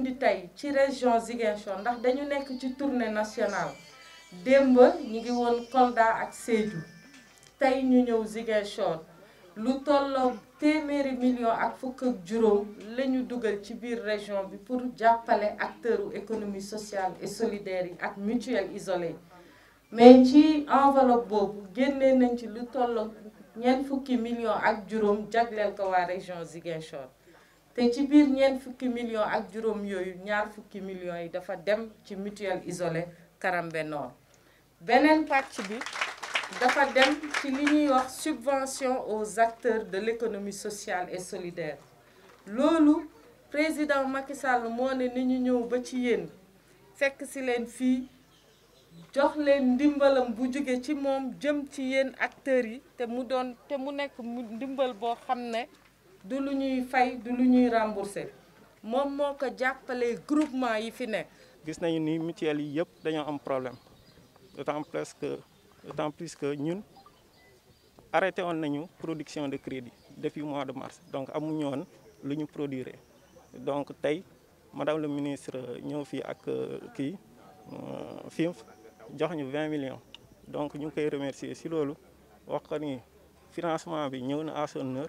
indi tey ci région Ziguinchor ndax dañu nekk ci tournée nationale démb ñi ngi woon Kolda ak Sédhiou tey ñu ñëw Ziguinchor lu tolloo téeméeri million ak fukk ak juróom la ñu dugal ci biir région bi pour jàppale acteuru économie sociale et solidaire yi ak mutuelle isolée mais ci enveloppe boobu génnee nañ ci lu tolloo ñeent fukki million ak juróom jagleel ko waa région Ziguinchor te ci biir ñeent fukki million ak juróom yooyu ñaar fukki million yi dafa dem ci mutuelle isole Karambe Nord beneen pàcc bi dafa dem ci li ñuy wax subvention aux acteurs de l'économie sociale et solidaire loolu président Macky Sall moo ne ni ñu ñëw ba ci yéen fekk si leen fii jox leen ndimbalam bu jóge ci moom jëm ci yéen acteurs yi te mu doon te mu nekk ndimbal boo xam ne du lu ñuy fay du lu ñuy remboursé moom moo ko jàppalee groupement yi fi nekk. gis nañu ni mutuel yi yëpp dañoo am problème d'autant plus que d'autant plus que ñun arrêté on nañu production de crédit depuis mois de mars donc amuñu woon lu ñu produire donc tey madame le ministre ñëw fi ak euh, kii euh, FIMF jox ñu 20 millions donc ñu koy remercier ci loolu wax ko ni financement bi ñëw na à son heure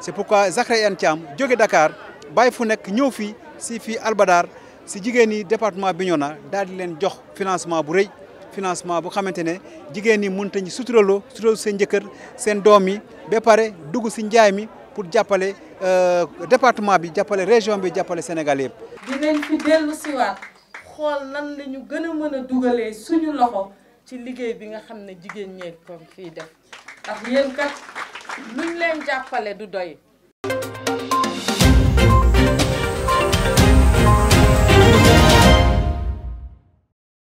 c'est pourquoi Zachary Antiam, Thiam Dakar bàyyi fu nekk ñëw si Albadar si jigéen ñi département Bignona daal di leen jox financement bu financement bu xamante ne jigéen ñi mën tañu suturaloo sutural seen njëkkër seen doom njaay mi pour jàppale euh, département bi jàppale région bi jàppale Sénégal yëpp. dinañ fi dellu siwaat xool nan la ñu gën a mën a dugalee suñu loxo ci liggéey bi nga xam jigen jigéen comme fi def ak yeen kat. luñ leen jàppale du doy